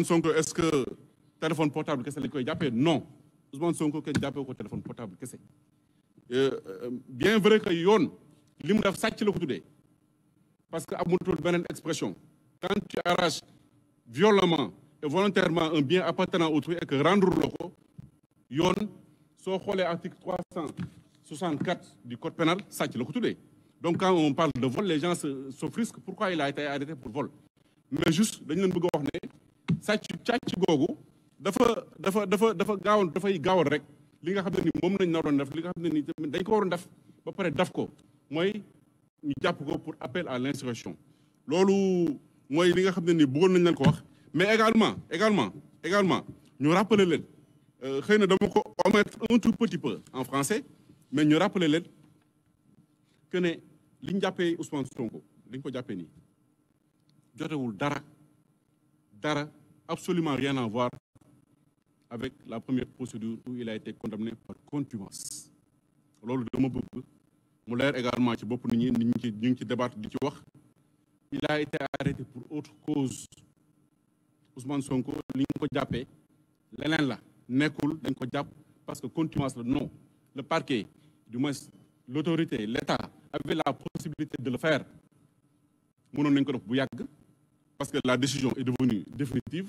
son Sonko est-ce que téléphone portable kese lañ koy jàppee non Ousmane Sonko kenn jàppee ko téléphone portable kese euh, euh, bien vrai que yoon li mu def sàcc la ko tuddee parce que amutul beneen expression quand tu arraches violemment et volontairement un bien appartenant à autrui et que rendre la xoolee yoon soo xoolee article 364 du code pénal sàcc la ko tuddee donc quand on parle de vol les gens s'offusquent pourquoi il a été arrêté pour vol mais juste dañu leen bëgg sàcc càcc googu dafa dafa dafa dafa gaawal dafay gaawal rek li nga xam ne ni moom nañ naroon def li nga xam ne ni tamit dañ ko waroon def ba pare daf ko mooy ñu jàpp ko pour appel à l'insurrection loolu mooy li nga xam ne ni bëggoon nañ leen ko wax mais également également également ñu rappeler leen euh, xëy na dama ko omettre un tout petit peu en français mais ñu rappeler leen que ne li ñu jàppee Ousmane Sonko li ñu ko jàppee nii jotewul dara dara absolument rien à voir avec la première procédure où il a été condamné par contumace loolu dama bëgg mu leer également ci bopp nit ñu nit ñi ci ñu ngi ci débat di ci wax il a été arrêté pour autre cause Ousmane Sonko li ñu ko jàppee leneen la nekkul dañ ko jàpp parce que contumace la non le parquet du moins l'autorité l'État avait la possibilité de la faire mënoon nañ ko def bu yàgg parce que la décision est devenue définitive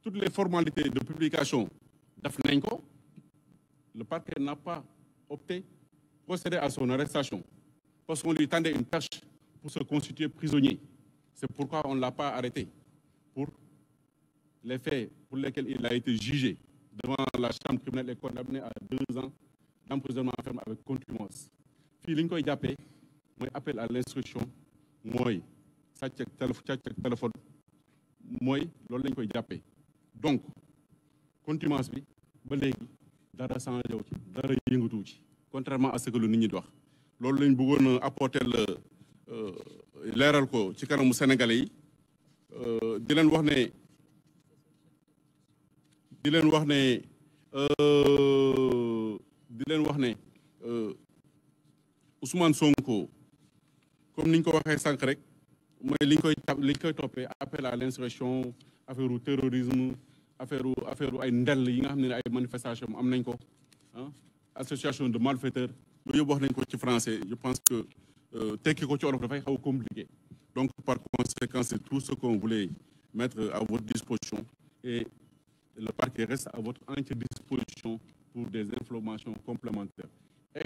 toutes les formalités de publication def nañ ko le parquet n'a pas opté procéder à son arrestation parce qu'on lui tendait une tâche pour se constituer prisonnier c'est pourquoi on l'a pas arrêté pour les faits pour lesquels il a été jugé devant la chambre criminelle et condamné à deux ans d'emprisonnement ferme avec contumace fii li ñu koy jàppee mooy appel à l'instruction mooy sàcc ak téléphone mooy loolu lañ koy jàppee donc contumace bi ba léegi dara changé wu ci dara yëngatuwu ci contrairement à ce que lu nit ñi di wax loolu lañ bëggoon a apporter euh, leeral ko ci kanamu sénégalais yi euh, di leen wax ne di leen wax ne euh, di leen wax ne Ousmane Sonko comme niñ ko waxee sànq rek mooy li ñu koy li ñu koy toppee appel à l' insurrection affaire u terrorisme affaire u affaire u ay ndell yi nga xam ne ay manifestation am nañ ko ah association de malfaiteurs yo yëpp wax nañ ko ci français je pense que euh, tekki ko ci wolof dafay xaw compliqué donc par conséquent c'est tout ce qu'on voulait mettre à votre disposition et le parquet reste à votre entière disposition pour des informations complémentaires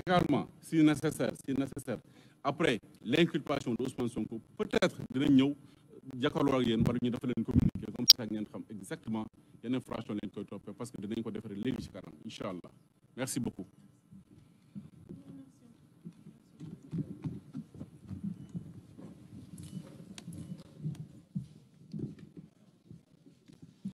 également si nécessaire si nécessaire après l'inculpation d'Ousmane Sonko peut-être dinañ ñëw jàkkaarloo ak yéen wala ñu dafa leen communiquer comme ça ngeen xam exactement yenn infraction lañ koy toppee parce que dinañ ko defaree léegi ci kanam incha allah merci beaucoup